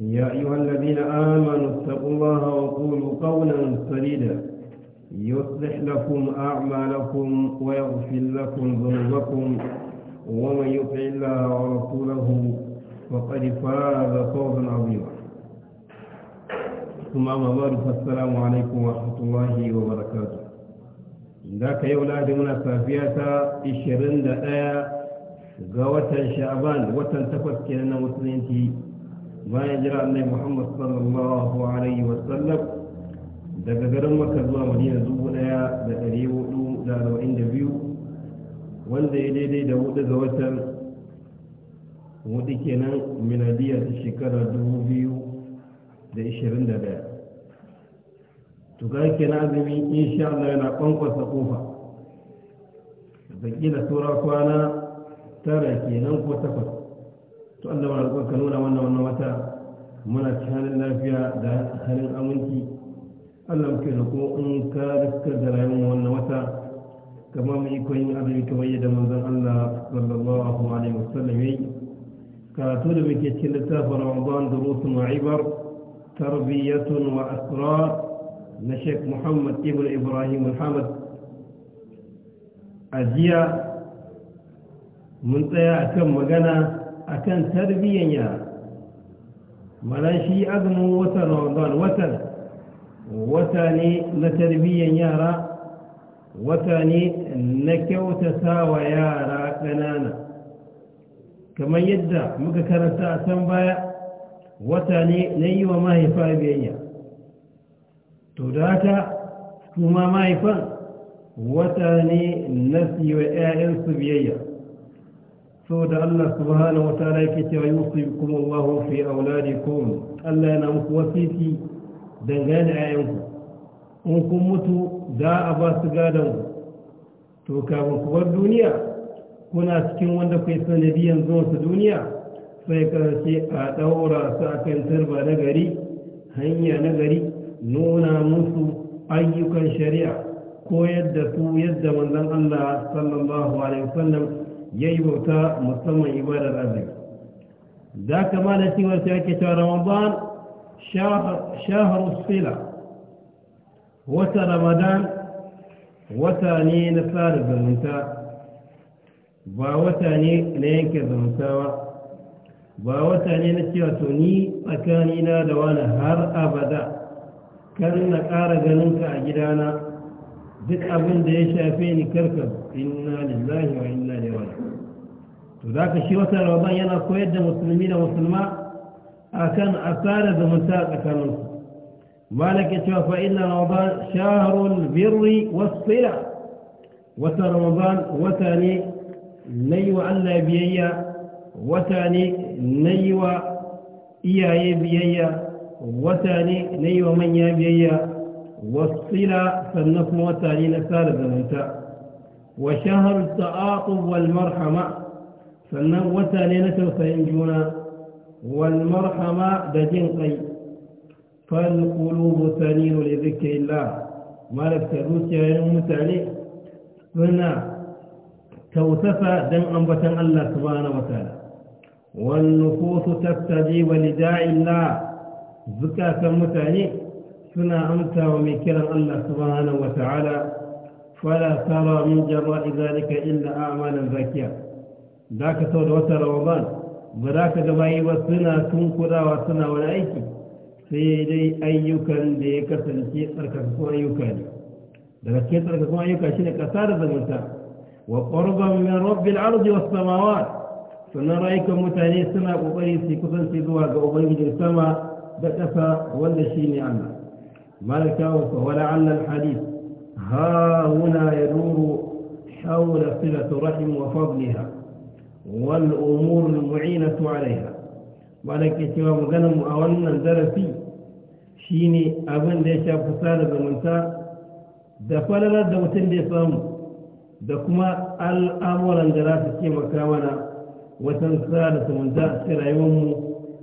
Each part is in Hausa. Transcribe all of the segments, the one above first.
يا أيها الذين آمنوا اتقوا الله وقولوا قولا سديدا يصلح لكم أعمالكم ويغفر لكم ذنوبكم ومن يطع الله ورسوله فقد فاز فوزا عظيما ثم أما بعد فالسلام عليكم ورحمة الله وبركاته ذاك أولاد من سافية إشرين دقايق ga watan sha'ban watan takwas kenan bayan jira annai muhammad sallallahu alaihi wasallam daga garin maka zuwa madina dubu daya da ɗari hudu da arba'in da biyu wanda ya daidai da hudu ga watan hudu kenan minadiyar ta shekara dubu biyu da ishirin da daya to ga kenan azumi insha Allah yana kwankwasa kofa da kila saura kwana tara kenan ko takwas to Allah wani roƙon ka nuna wannan wannan wata muna cikin halin lafiya da halin aminci Allah muke da roƙo in ka riskar da rayuwar wannan wata kama mu iko yin azumi kamar yadda manzon Allah sallallahu alaihi wasallam yayi karatu da muke cikin littafin Ramadan durusun wa ibar tarbiyatun wa asrar na Sheikh Muhammad Ibn Ibrahim Muhammad a jiya mun tsaya a kan magana akan tarbiyyan yara mana shi azumin watan ramadan watan wata ne na tarbiyyan yara wata ne na kyautata wa yara ƙanana kamar yadda muka karanta a can baya wata ne na yi wa mahaifa biyayya to da haka kuma mahaifan wata ne na siyo 'ya'yansu biyayya saboda Allah subhanahu wataala yake cewa yusikum Allahu fi auladikum Allah yana muku wasiti dangane da ayyanku in kun mutu za a ba su gadon to kafin ku bar duniya kuna cikin wanda kai sanadi zuwa su duniya sai karshe a daura su kan tarba na gari hanya na gari nuna musu ayyukan shari'a koyar da su yadda manzon Allah sallallahu alaihi wasallam ya yi bauta musamman ibadar azumi za ka ma da cewar ta ake cewa ramadan shahar sila wata ramadan wata ne na tsara zumunta ba wata ne na yanke zumuntawa ba wata ne na cewa to ni tsakanina da wani har abada kan na ƙara ganinka a gidana duk abin da ya shafe ni karka inna lillahi wa inna ilaihi raji'un to ka shi wata ramadan yana koyar da musulmi da musulma akan asara da mutsa tsakanin su malik ya cewa fa inna ramadan shahrul birri was-sila wata ramadan wata ne nayi wa Allah biyayya wata ne nayi wa iyaye biyayya wata ne nayi wa manya biyayya والصلة فالنصم والتعليل سالة زمنتا وشهر التعاطف والمرحمة فالنصم وتعليل سينجونا والمرحمة دجين قي فالقلوب تنين لذكر الله مالك تروس يا متعلي فنا توتفى دم أنبة الله سبحانه وتعالى والنفوس تستجيب ولداء الله زكاة متعلي suna amsa wa mai kiran Allah subhanahu wa ta'ala fala tara min jama'i zalika illa a'malan zakiya Za ka sau da wata ramadan ba za ka yi ba suna tunkurawa suna wani aiki sai dai ayyukan da ya kasance tsarkakakun ayyuka ne daga cikin tsarkakakun ayyuka shine kasa da zamanta wa qurban min rabbil ardi was sannan rayukan mutane suna ƙoƙari su kusanci zuwa ga ubangijin sama da ƙasa wanda shine Allah ملكا ولعل الحديث ها هنا يدور حول صلة رحم وفضلها والأمور المعينة عليها ولكن سوى مغنم أولا درسي شيني أبن ليش أفصال زمنتا دفل لدى دوتن دي صامو دكما الأمر أن دراسة كما كامنا وتنسال زمنتا سرعيوم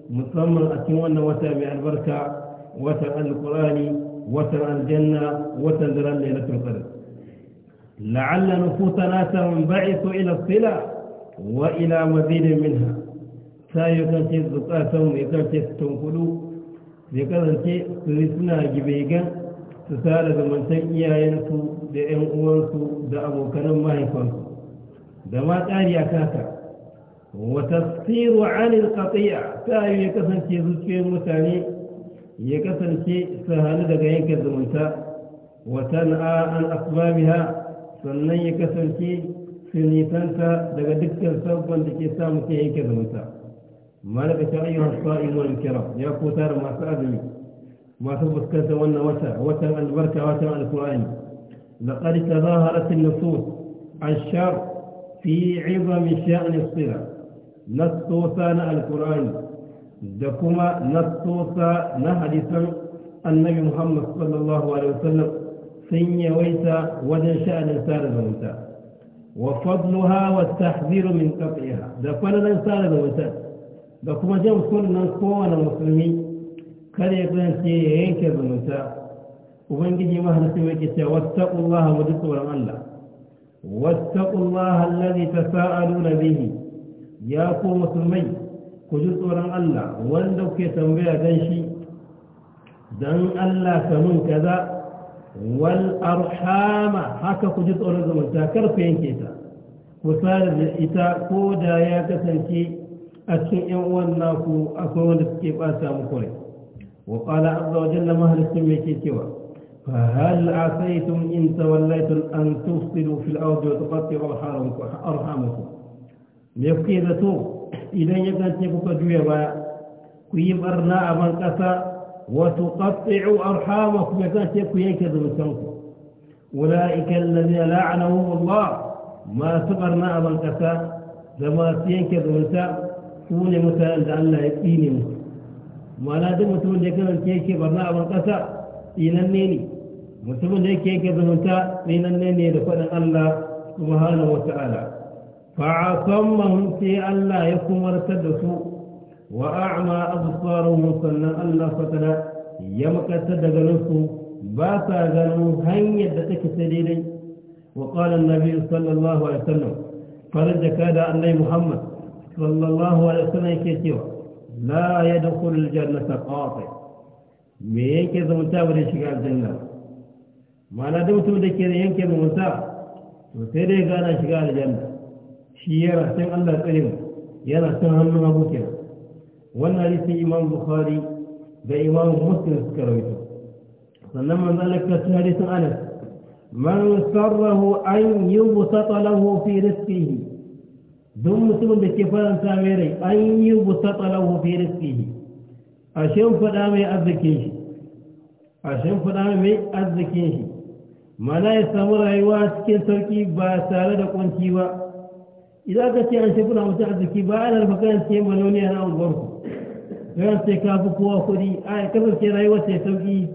مصمم أتمنى وتابع البركة وتر القرآن وتر الجنة وتر ليلة القدر لعل نفوسنا تنبعث إلى الصلاه وإلى مزيد منها سايكنتي زقاتهم يكنتي تنقلوا يكنتي سرسنا جبيغا سسالة من تنقيا ينسو دعين أوانسو دعبو كنم ما يكونسو دمات آليا كاتا وتفسير عن القطيع سايكنتي زقاتهم متاني ya kasance su hannu daga yankin zumunta watan'a an asbabiha sannan ya kasance su nisanta daga dukkan sabon da ke samu ke yankin zumunta malaka ta ayyuhar sa'imuwar kira ya kuta da masu azumi masu fuskantar wannan wata watan albarka watan alkur'ani laqad tazaharat an-nusus ash-shar fi 'izami sha'ni as-sira nasu sana alkur'ani da kuma nassosa na hadisan annabi muhammad sallallahu alaihi wasallam sun yawaita wajen sha'anin sada zumunta wa fadluha wa tahziru min qat'iha da fadlan sada zumunta da kuma jan kunnan kowane musulmi kada ya kasance ya yanke zumunta ubangiji mahalicin yake cewa wattaqullaha wa tsoron Allah wattaqullaha allazi tasaaluna bihi ya ku musulmai ku ji tsoron Allah wanda kuke tambaya dan shi dan Allah ka mun kaza wal arhama haka ku ji tsoron zumunta karfe ku yanke ta ku tsara da ita ko da ya kasance a cikin yan uwan naku akwai wanda suke ɓata muku rai wa qala azza wa jalla mahalikum yake cewa fa hal asaytum in tawallaytum an tufsidu fil ardi wa tuqatti'u arhamakum me idan ya kasance kuka juya baya ku yi barna a ban ƙasa wato ƙafi'u arhama ku ya kasance ku yanke zurutanku ula'ikan lalzi la'anahu Allah masu barna a ban ƙasa da masu yanke zuruta ku ne mutanen da Allah ya ne musu mana duk mutumin da ya kasance yake barna a ban ƙasa tsinanne ne mutumin da yake yanke zuruta tsinanne ne da faɗin Allah subhanahu wa ta'ala fa'asamman sai Allah ya kuma da su wa a'ma absaruhu sannan Allah fatara ya makata daga nufin ba sa ganin hanyar da take ta daidai wa qala annabi sallallahu alaihi wasallam farja kada annabi muhammad sallallahu alaihi wasallam yake cewa la yadkhul aljannata qati me yake zamanta ba da shiga aljanna ma'ana duk mutum da ke da yanke zamanta to sai dai gana shiga aljanna shi yana san Allah tsayin yana san hannun abu kenan wannan hadisin imam bukhari da imam muslim suka rawaito sannan man zalaka ta hadisin anas man sarrahu an yubsata lahu fi rizqihi duk mutumin da ke faranta mai rai an yubsata lahu fi rizqihi a shin fada mai arzikin shi a shin fada mai arzikin shi mana ya samu rayuwa cikin sauki ba tare da kunci ba idan aka ce an ce kuna mutu arziki ba ana magana ce maloniya na unguwarku yawan sai ka fi kowa kuɗi a ya kasance rayuwar ta sauƙi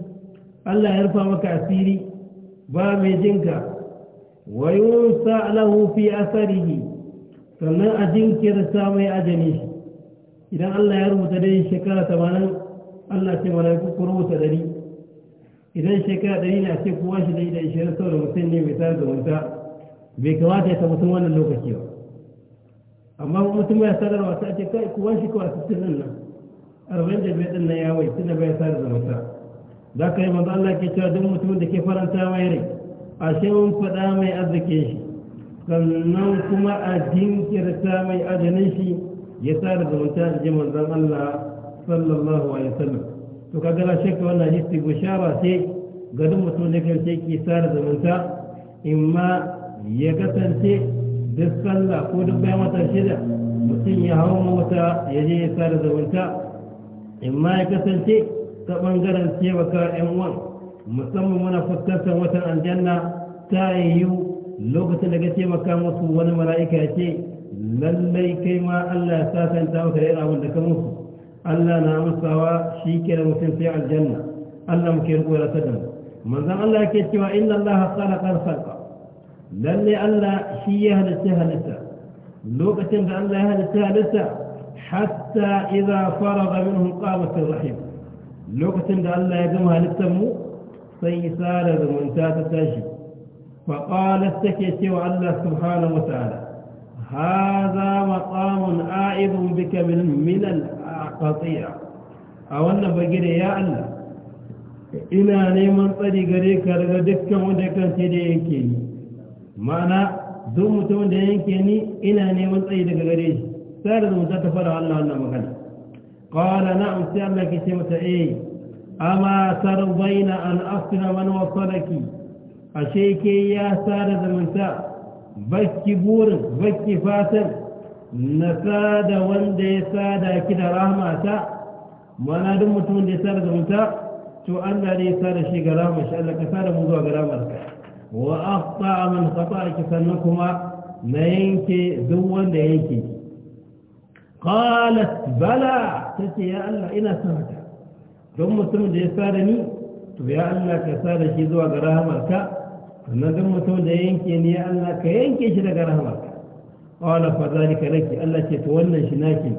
allah ya rufa maka asiri ba mai jinka wa sa alahu fi asarihi sannan a jinkirta mai ajali idan allah ya rubuta dai shekara tamanin allah ce mana ku rubuta dari idan shekara dari na ce kowa shi yi da ishirin sau da mutum ne mai tare da wanta bai kamata ya sun wannan lokaci ba amma mutum ya sadar wasu ake kai kuwa shi kawai sittin nan arba'in da biyar na ya wai da bai ya da wasa za ka yi manzo Allah ke cewa duk mutumin da ke faranta mai rai a shi faɗa mai arzikin shi sannan kuma a jinkirta mai ajanin shi ya sarar da wasa ji manzon Allah sallallahu alaihi wasallam to kaga na shakka wannan hadisi shara sai ga duk mutum da ke sa da in ma ya kasance duk sallah ko duk bayan wata shida mutum ya hau mota ya je ya sada zumunta in ma ya kasance ta ɓangaren taimaka yan uwan musamman muna fuskantar watan aljanna ta yiwu lokacin da ka taimaka musu wani mala'ika ya ce lallai kai ma Allah ya sasanta maka yana abin da ka musu Allah na amsawa shi ke da mutum sai aljanna Allah muke riko da sadan manzon Allah yake cewa inna Allah khalaqa al-khalqa للي الله فيها لسها لسا لوكة الله لسها لسا حتى إذا فرغ منه القامة الرحيم ان لا يدمها لسمو سيسال من تاتتاجه فقال استكيت الله سبحانه وتعالى هذا مقام عائد بك من, من القطيع او أولا بقير يا الله إنا نيمان طريق ريكا لغا دكا سيدي تدينكيني ma'ana duk mutum da yanke ni ina neman tsayi daga gare shi sai da zumunta ta fara wannan wannan magana qala na'am sai Allah ke ce mata eh amma tarbaina an asna man wasalaki ashe ke ya sada zumunta bakki burin bakki fatan na sada wanda ya sada ki da rahmata ma'ana duk mutum da ya sada zumunta to Allah ne ya sada shi ga rahmata Allah ka sada mu zuwa ga rahmata wa akhta man khata'aki sannan kuma na yanke duk wanda yanke qalat bala tace ya Allah ina son haka don mutumin da ya sada ni to ya Allah ka sada shi zuwa ga rahamarka sannan don mutum da ya yanke ni ya Allah ka yanke shi daga rahamarka qala fa zalika laki Allah ce to wannan shi naki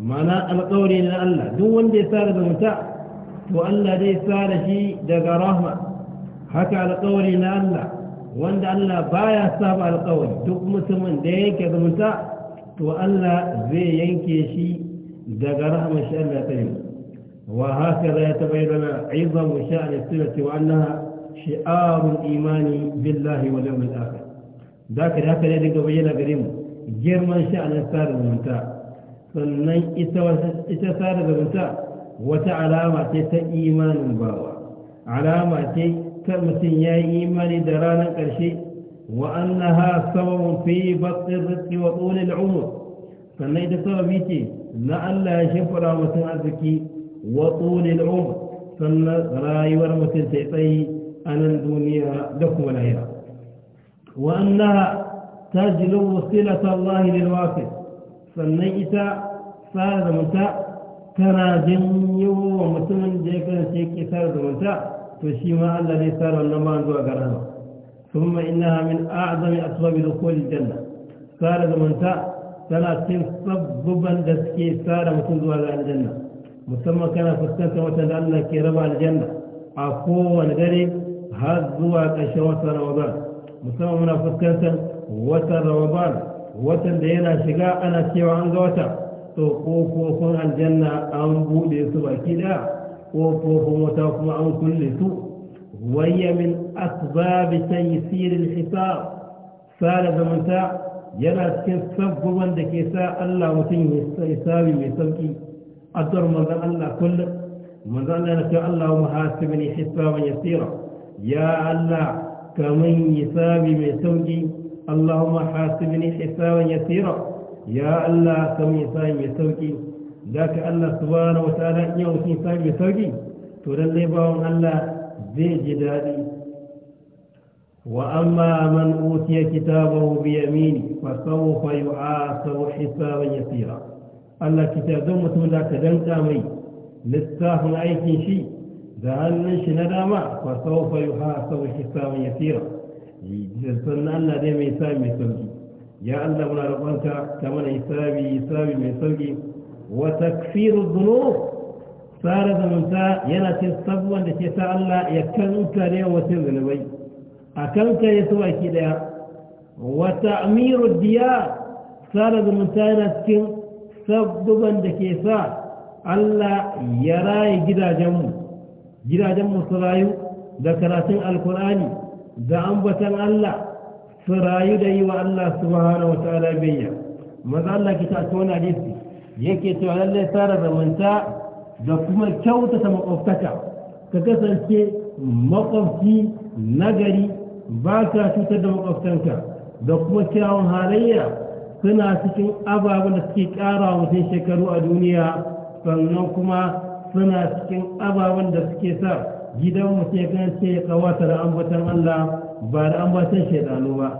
mana alƙawari na Allah duk wanda ya sada da mutum to Allah zai sada shi daga rahma haka alƙawari na Allah wanda Allah baya saba alkawari duk mutumin da yanke zumunta to Allah zai yanke shi daga rahmar shi Allah ta yi wa haka ya tabayyana aizamu sha'ani sirati cewa annaha shi'arul imani billahi wal yawmil aka. da ka haka ne daga bayyana gare mu girman sha'anin sada zumunta sannan ita sada zumunta wata alama ce ta imanin bawa alama ce kan mutum ya yi imani da ranar ƙarshe wa annaha sababun fi baƙin rizki wa tsolil umur sannan ita sababi ce na Allah ya shimfiɗa mutum arziki wa tsolil umur sannan rayuwar mutum ta tsayi a nan duniya da kuma lahira wa annaha tajlubu silata Allah lil wasil sannan ita tsara zamanta tana janyo wa mutumin da ya kasance ke tsara zamanta تسيما الله لسان والنمان دو أقرانه ثم إنها من أعظم أسباب دخول الجنة سارة منتا سنة تنصب ضبا دسكي سارة مكون دو الجنة مسمى كان فستان سمتان لأنك ربع الجنة عفوا غري هذا دو أقشوا سارة وضان مسمى من فستان سمتان وتر وضان وتر دينا شقاء أنا سيوان غوتر تقوفوا فرع الجنة أنبو ليسوا أكيدا قوفه وتوفه عن كل سوء وهي من أسباب تيسير الحساب سالة منتا يرى سكسف بوان دكيسا الله وتنه السيساوي ويسوكي أدر من ذا الله كل من ذا الله نتوى الله محاسبني حسابا يسيرا يا الله كمن يسابي ويسوكي اللهم حاسبني حسابا يسيرا يا الله كمن يسابي ويسوكي da ka Allah subhanahu wataala in ya mutum sami sauki to dan dai bawon Allah zai ji daɗi wa amma man utiya kitabahu bi yamini fa sawfa yu'asabu hisaban yasira Allah kitabun mutum da ka danta mai littafin aikin shi da hannun shi na dama fa sawfa yu'asabu hisaban yasira sannan Allah dai mai sami mai sauki ya Allah muna roƙonka ka mana hisabi hisabi mai sauki wa takfiru dhunub sara zumunta yana cin sabuwan da ke sa Allah ya kankare wasu zunubai a kankare su baki daya wa ta'miru diya sara zumunta yana cikin sabuwan da ke sa Allah ya raye gidajenmu gidajenmu su rayu da karatun alkur'ani da ambatan Allah su rayu da yi wa Allah subhanahu wa ta'ala biyya maza Allah ki ta tona hadisi yake cewa lallai tsara zamanta da kuma kyautata makwabtaka ka kasance makwabci nagari ba ka cutar da makwabtanka da kuma kyawun halayya suna cikin ababen da suke wa mutum shekaru a duniya sannan kuma suna cikin ababen da suke sa gidan mutum ya kasance ya kawata da ambatan Allah ba da ambatan shaidanu ba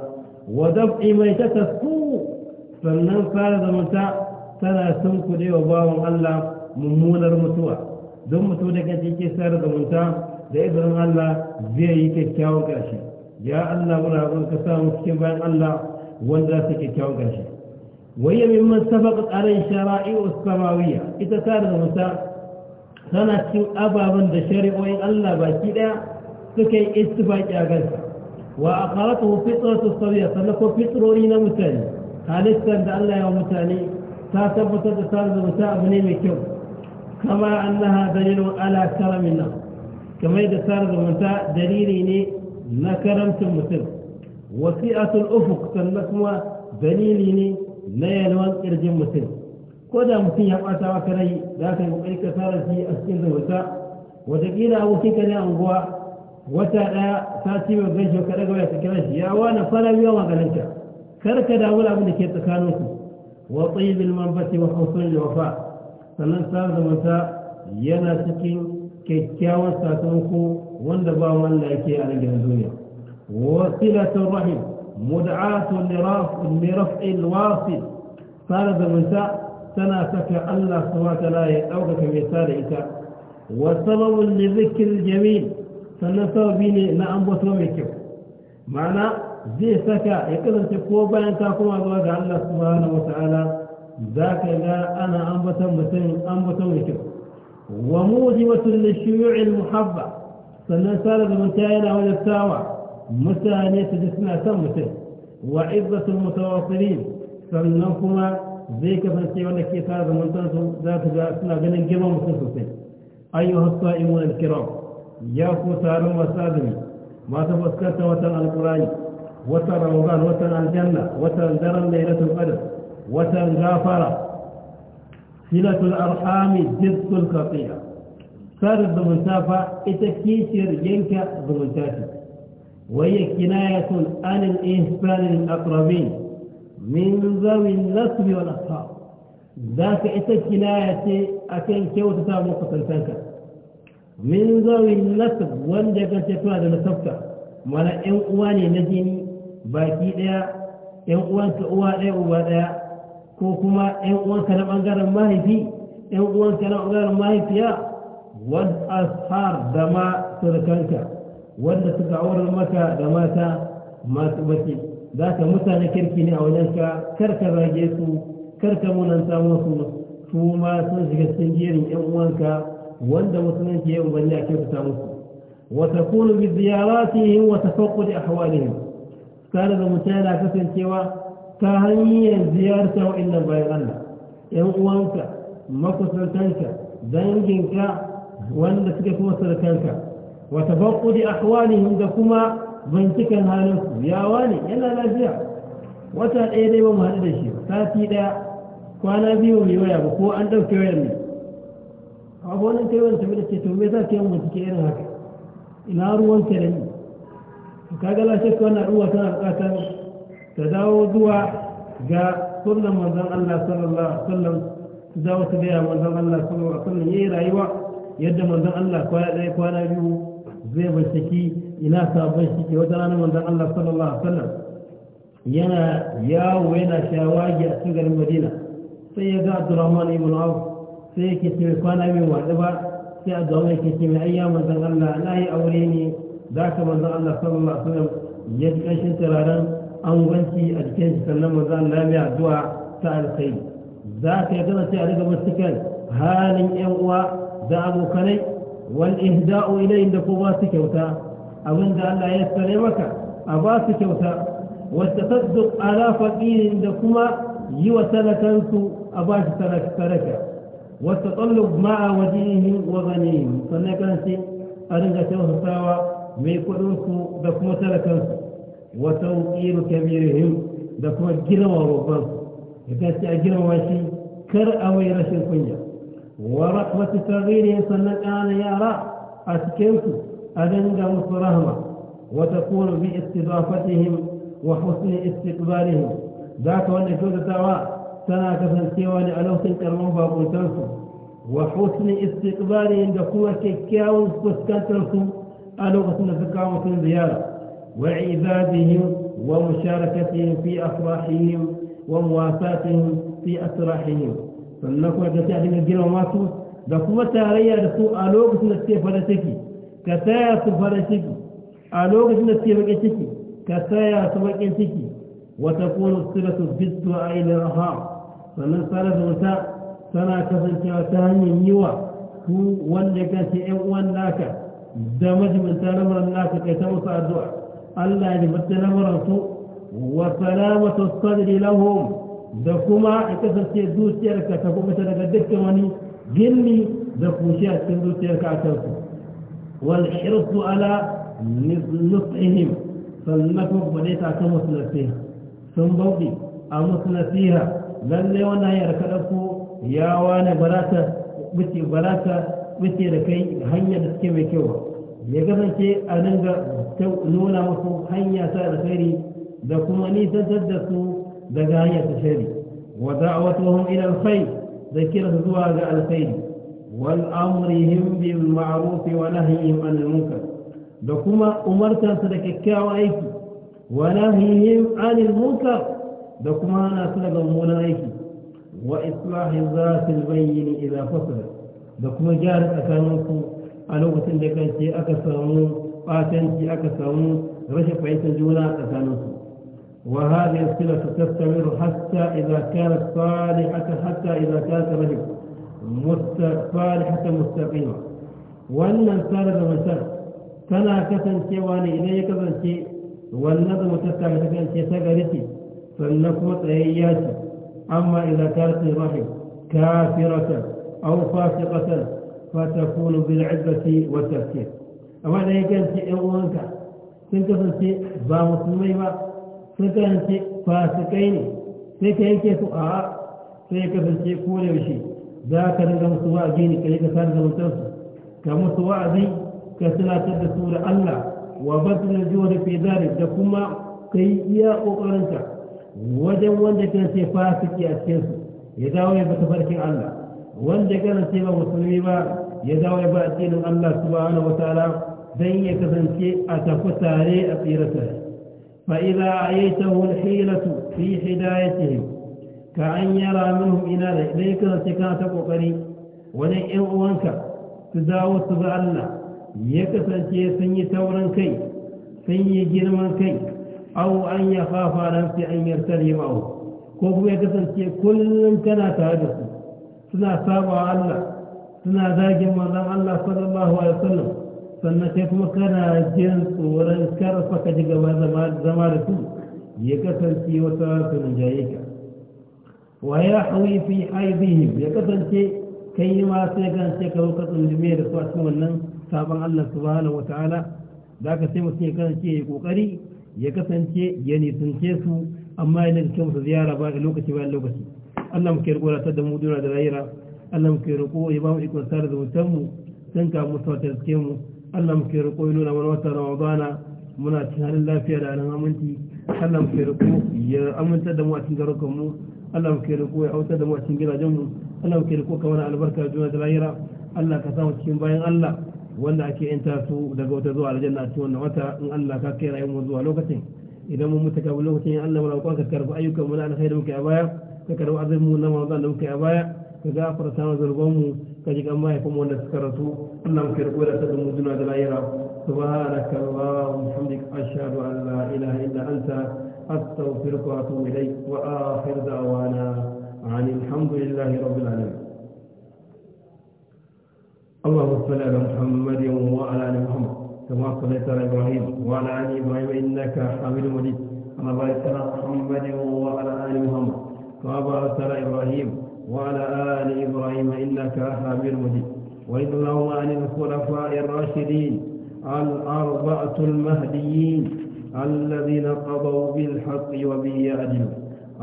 wa zaf mai ta tasku sannan fara zamanta tana sun kuɗe wa bawan Allah mummunar mutuwa don mutu da kace ke sayar da munta da izinin Allah zai yi kyakkyawan ƙarshe ya Allah muna roƙon ka samu cikin bayan Allah wanda za su kyakkyawan ƙarshe wayya mimman sabaqat alai shara'i'u samawiyya ita tare da tana cikin ababen da shari'o'in Allah baki daya suka yi istifaqi a kansa wa aqaratuhu fitratu sabiya sannan ko na mutane halittar da Allah ya wa mutane تثبت الرسالة بتاع بني مكيو كما أنها دليل على كرم الله كما إذا الرسالة بتاع دليليني نكرمت المسلم وسيئة الأفق تنكما دليليني نيلوان إرجم مسلم كودا مسلم يقعتا وكري ذاك وقلك صار في أسكين ذوتا وتقيل أبو كيكا أنقوا وتا ساتي وغيش وكرقوا يتكرش يا وانا فلا يوم غنشا كركدا ولا من كيف تكانوكم وطيب المنبت وحسن الوفاء سنن سارد متى ينا سكين كيكاوة ساتنكو واندبا من لأكي على الجنزوية وصلة الرحم مدعاة لرفع لرفع الواصل سارد متى سنا سكى الله سواك لا يتوقف مثال إتا وسبب لذكر الجميل سنن سوى بيني نعم وسوى معناه zai saka ya kasance ko bayan ka koma zuwa ga Allah subhanahu wa ta'ala za ka ga ana ambaton mutum ambaton mutum wa mujibatun lishuyu'il muhabba sannan da zumunta yana wajabtawa mutane su ji suna son mutum wa izzatul mutawassirin sannan kuma zai kasance wanda ke da zumuntar su za ka ga suna ganin girman mutum sosai ayyuhas sa'imun al-kiram ya ku taron masu azumi masu fuskantar watan alkurani وتر رمضان وتر الجنة وتر درا ليلة القدر وتر غافرة صله الأرحام جد القطيع سر المسافة إتكيشر ينكا بمجاتي وهي كناية عن الإنسان الأقربين من ذوي النصب والأصحاب ذاك إتى كناية أكل كوتة موقف الفنكة من ذوي النصب وانجا كنت يتوى ذو نصبك ولا إنقواني نجيني baki ɗaya ‘yan uwanka uwa ɗaya uba ɗaya ko kuma ‘yan uwanka na bangaren mahaifi ‘yan uwanka na ɓangaren mahaifiya wal ashar da ma surkanka wanda suka aurar maka da mata masu baki za ka mutane kirki ne a wajenka karka zage su karka munanta musu su ma sun shiga cikin jerin ‘yan uwanka wanda musulunci ya umarni a kyautata musu wata kunu bi ziyaratihim wa tafaqqud ahwalihim da zumunta yana kasancewa ta hanyar ziyarta wa wa'annan bayan Allah ‘yan uwanka makusantanka danginka wanda suke kuma sarkanka wata bakudi akwalihim da kuma bincikan halinsu yawa ne yana lafiya wata ɗaya dai ba mu haɗu da shi sati ɗaya kwana biyu mai waya ba ko an ɗauke wayar ne abu wannan kai wani tafi da ce to me za ka yi mutu ke irin haka ina ruwan ka da kaga la shakka wannan ruwa tana bukatar ta dawo zuwa ga sunnan manzon Allah sallallahu alaihi wasallam dawo ta gaya manzon Allah sallallahu alaihi wasallam yayi rayuwa yadda manzon Allah kwana dai kwana biyu zai bashiki ina sabon shi ke wata ranar manzon Allah sallallahu alaihi wasallam yana yawo yana shawagi a cikin garin Madina sai ya ga Abdurrahman ibn Auf sai yake ce kwana biyu wa ba sai a Abdurrahman yake ce mai ayya manzon Allah na yi aure ne ذاك من ذا الله صلى الله عليه وسلم يتكشن ترارا أنغنشي أجكين سلم وزان لام دعاء تعال خير ذاك يقول تعالى بمستكال هال يوقع ذا كني والإهداء إليه لك واسك وتا أبن ذا الله يسلمك أباسك وتا والتصدق آلاف الدين عندكما لكما يوسلكنسو أباش سلك سلك والتطلب مع وديهم وغنيهم فلنكنسي أرنجة وسطاوة ميكونوكو دكما تلكس وتوكيل كبيرهم دكما جنوى ربانس إذا تأجنوا ماشي كر أوي رشي الفنجة ورحمة تغيير يسنك أنا يا راع أتكيوتو أدنجا مصرهما وتكون باستضافتهم وحسن استقبالهم ذاك وان يجوز تعوى سناك فانتيواني ألو تنكر وحسن استقبالهم دكما كيكاو فسكنتلكم a lokacin da suka kawo mutum ziyara wa ibadihim wa musharakatihim fi afrahihim wa muwasatihim fi asrahihim sannan kuma da ta dinga girma masu da kuma tarayya da su a lokacin da suke fara ciki ka taya su fara ciki a lokacin da suke baƙin ciki ka taya su baƙin ciki wata kone su bitu a ilin raha sannan tsara da wuta tana kasancewa ta hanyar yi wa ku wanda ka ce ‘yan uwan naka da majibinta lamarin nasu kai ta musu addu'a Allah ya jibinta lamarin su wa salamatu sadri lahum da kuma a kasance zuciyarka ta kuma daga dukkan wani gilli da kushe a cikin zuciyarka a kansu wal hirsu ala nus'ihim sannan kuma gwade ta kan wasu nasiha sun bauɗi a musu nasiha wani wannan yarka ku ya wane barata barata wuce da kai hanya da suke mai kyau ya kasance a nan ga nuna musu hanya ta alkhairi da kuma nisantar da su daga hanya ta shari wa da'awatuhum ila alkhair da kira su zuwa ga alkhairi wal amrihim bil ma'ruf wa nahyihim anil munkar da kuma umartar su da kyakkyawan aiki wa nahyihim anil munkar da kuma hana su daga mummunan aiki wa islahi zatil bayyin idza fasalat da kuma gyara tsakaninku a lokacin da kanci aka samu batanci aka samu rashin fahimtar juna tsakaninku wa hadhihi as tastamiru hatta idha kanat salihatan hatta idha kanat rajul mustaqbalatan mustaqima wannan tsara da mutar tana kasancewa ne idan ya kasance wannan da mutar ta kasance ta gariti sannan kuma tsayayya ce amma idza kanat rahim kafiratan أو فاسقة فتكون بالعزة والتفكير أما لا يكن شيء وانت سنكسن شيء با مسلمي با فاسقين سيكين كيسو آه سيكسن شيء كولي بشي ذاك لك مسواء جيني كليك سارجا متنسو كمسواء ذي كسلا تد سورة الله وبطل الجهد في ذلك دكما كي يا أقرنك وجن وانت كان شيء فاسقي أسكنسو ya dawo ya wanda kasance ba musulmi ba ya dawo ya ba cikin Allah subhanahu wataala dan ya kasance a tafi tare a tsira tare fa idza ayatahu alhilatu fi hidayatihi ka an yara minhum ina da idan kasance kana ta kokari wani yan uwanka su dawo su ga Allah ya kasance sun yi taurin kai sun yi girman kai au an ya fafa nan sai an yartar yi ko kuma ya kasance kullum kana tare da su suna saba Allah suna zagin manzon Allah sallallahu alaihi wasallam sannan kai kuma kana jin tsoron kar fa ka ji gaba zama da su ya kasance wata jaye ka wa ya hawi fi aibihim ya kasance kai ma sai ka sai ka ka tsundume da su a cikin wannan sabon Allah subhanahu wataala da ka sai mutum ya kasance ya kokari ya kasance ya nisance su amma yana da kyau ziyara ba da lokaci bayan lokaci Allah muke riko da da mu dura da rayira Allah muke riko ya ba mu ikon sare da mutan mu dan ka mu sauta suke mu Allah muke riko ya nuna mana wata Ramadana muna cikin halin lafiya da halin aminci Allah muke riko ya aminta da mu a cikin garukan mu Allah muke riko ya autar da mu a cikin gidajen mu Allah muke riko kamar albarka juna da rayira Allah ka samu cikin bayan Allah wanda ake yin su daga wata zuwa aljanna cikin wannan wata in Allah ka kai rayuwar zuwa lokacin إذا مو متقابلون وتين أنا ولا أقول كذكر بأيك ولا أنا خير منك أبايا كذكر وأذن مو نما وذن لك أبايا كذافر سامع زلقوم كذك أما يقوم ونذكر تو أنا مكر ولا تدم مدن هذا العيرة سبحانك اللهم وبحمدك أشهد أن لا إله إلا أنت أستغفرك وأتوب إليك وآخر دعوانا عن الحمد لله رب العالمين اللهم صل على محمد وعلى ال محمد كما صليت على إبراهيم وعلى آل إبراهيم إنك حميد مجيد كما باركت على محمد وعلى آل محمد كما باركت على إبراهيم وعلى آل إبراهيم إنك حميد مجيد وإذ اللهم عن الخلفاء الراشدين الأربعة المهديين الذين قضوا بالحق وبه يعدلون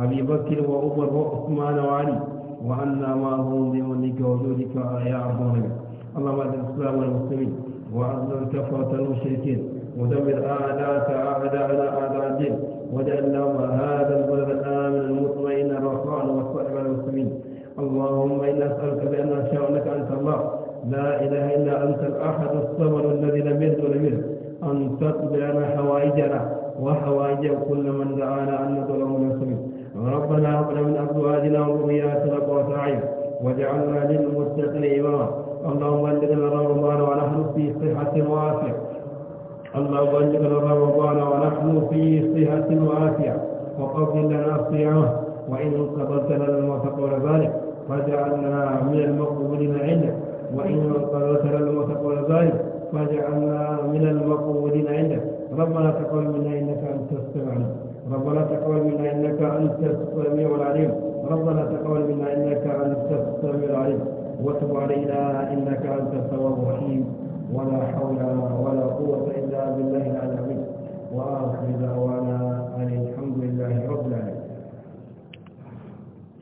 أبي بكر وعمر وعثمان وعلي وعنا معهم بمنك وجودك يا رب العالمين اللهم اعز الإسلام والمسلمين وأنزل كفرة المشركين ودمر أعداء أعداء أعداء الدين واجعل لهم هذا البلد الآمن المطمئن الرخاء والصحب المسلمين اللهم إنا نسألك بأن لك أنت الله لا إله إلا أنت الأحد الصمد الذي لم يلد ولم يلد أن تقبلنا حوائجنا وحوائج كل من دعانا أن ندعو له من ربنا هب لنا من أزواجنا وذرياتنا قرة واجعلنا للمتقين إماما اللهم أنزلنا رمضان ونحن في صحة وعافية اللهم أنزلنا رمضان ونحن في صحة وعافية وقف لنا صيامه وإن قبلت لنا الموت قبل ذلك فاجعلنا من المقبولين عندك وإن قبلت لنا الموت قبل ذلك فاجعلنا من المقبولين عندك ربنا تقبل منا إنك أنت السميع ربنا تقبل منا إنك أنت السميع العليم ربنا تقبل منا انك انت السميع العليم وتب علينا انك انت التواب الرحيم ولا حول ولا قوه الا بالله العلي العظيم واخر دعوانا